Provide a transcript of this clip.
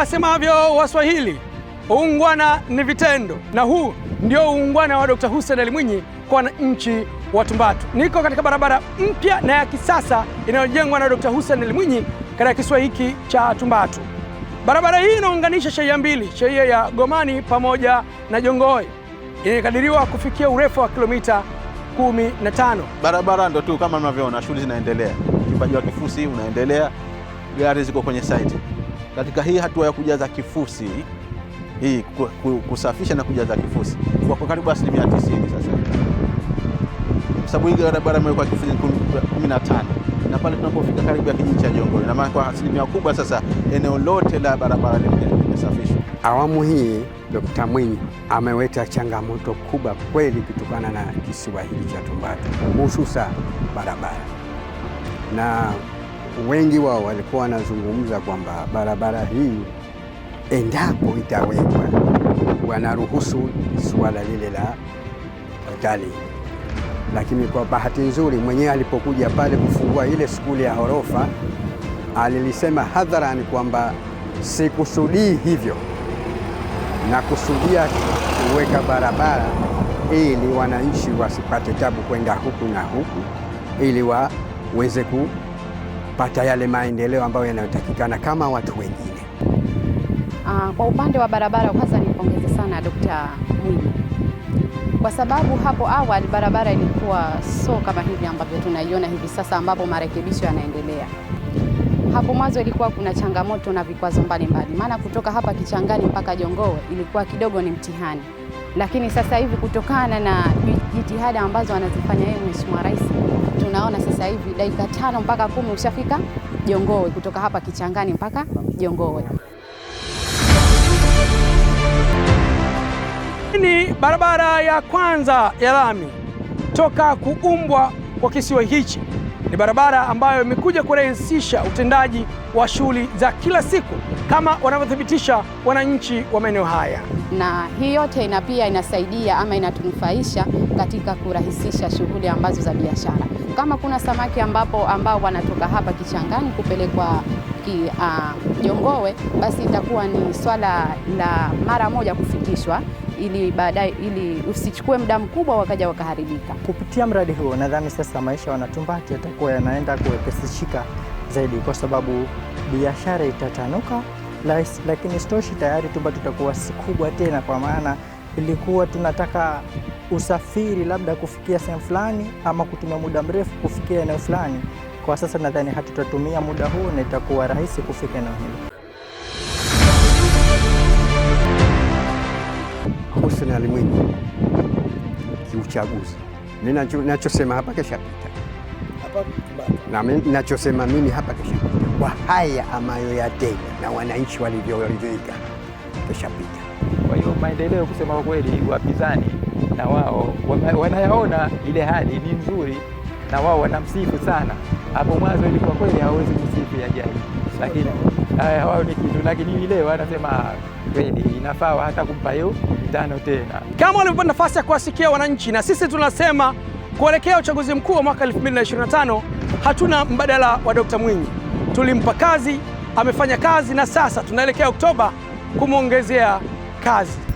wasemavyo Waswahili, uungwana ni vitendo, na huu ndio uungwana wa dokta Hussein Ali Mwinyi kwa wananchi wa Tumbatu. Niko katika barabara mpya na ya kisasa inayojengwa na dokta Hussein Ali Mwinyi katika kisiwa hiki cha Tumbatu. Barabara hii inaunganisha shehia mbili, shehia ya Gomani pamoja na Jongoe. Inakadiriwa kufikia urefu wa kilomita 15. Barabara ndo tu kama mnavyoona, shughuli zinaendelea, ukipaji wa kifusi unaendelea, gari ziko kwenye site katika hii hatua ya kujaza kifusi hii kusafisha na kujaza kifusi kwa karibu asilimia 90 sasa, kwa sababu hii barabara imewekwa kifusi 15 na pale tunapofika karibu ya kijiji cha Jongole, na maana kwa asilimia kubwa sasa eneo lote la barabara limesafishwa. Awamu hii Dokta Mwinyi ameweta changamoto kubwa kweli, kutokana na kisiwa hiki cha Tumbatu, hususa barabara na wengi wao walikuwa wanazungumza kwamba barabara hii endapo itawekwa, wanaruhusu suala lile la utalii. Lakini kwa bahati nzuri, mwenyewe alipokuja pale kufungua ile skuli ya ghorofa alilisema hadharani kwamba sikusudii hivyo, na kusudia kuweka barabara ili wananchi wasipate tabu kwenda huku na huku, ili waweze ku kupata yale maendeleo ambayo yanayotakikana kama watu wengine. Uh, kwa upande wa barabara kwanza nimpongeze sana Dkt. Mwinyi kwa sababu hapo awali barabara ilikuwa so kama hivi ambavyo tunaiona hivi sasa, ambapo marekebisho yanaendelea. Hapo mwanzo ilikuwa kuna changamoto na vikwazo mbalimbali, maana kutoka hapa Kichangani mpaka Jongowe ilikuwa kidogo ni mtihani, lakini sasa hivi kutokana na jitihada ambazo anazifanya yeye Mheshimiwa Rais tunaona sasa hivi dakika tano mpaka kumi ushafika Jongowe, kutoka hapa Kichangani mpaka Jongowe. Ni barabara ya kwanza ya lami toka kuumbwa kwa kisiwa hichi ni barabara ambayo imekuja kurahisisha utendaji wa shughuli za kila siku kama wanavyothibitisha wananchi wa maeneo haya, na hii yote ina pia inasaidia ama inatunufaisha katika kurahisisha shughuli ambazo za biashara. Kama kuna samaki ambapo ambao wanatoka hapa Kichangani kupelekwa ah, Jongowe, uh, basi itakuwa ni swala la mara moja kufikishwa ili baadaye, ili usichukue muda mkubwa wakaja wakaharibika. Kupitia mradi huo, nadhani sasa maisha wanatumbaku yatakuwa yanaenda kuwepesishika zaidi, kwa sababu biashara itatanuka. Lakini stoshi tayari Tumba tutakuwa si kubwa tena, kwa maana ilikuwa tunataka usafiri labda kufikia sehemu fulani ama kutumia muda mrefu kufikia eneo fulani. Kwa sasa nadhani hatutatumia muda huo na itakuwa rahisi kufika eneo hilo. husna alimwengu kiuchaguzi. Ninachosema hapa keshapita, na nachosema mimi hapa keshapita, kwa haya amayo yatenda na wananchi walivyoridhika, keshapita. Kwa hiyo maendeleo, kusema kweli, wapinzani na wao wanayaona ile hali ni nzuri, na wao wanamsifu sana. Hapo mwanzo ilikuwa kweli hawezi kusifu ya jai, lakini Eh, haya, wao ni kitu, lakini hivi leo anasema kweli inafaa hata kumpa hiyo tano tena, kama walivyopata nafasi ya kuwasikia wananchi. Na sisi tunasema kuelekea uchaguzi mkuu wa mwaka 2025 hatuna mbadala wa Dr. Mwinyi. Tulimpa kazi, amefanya kazi, na sasa tunaelekea Oktoba kumwongezea kazi.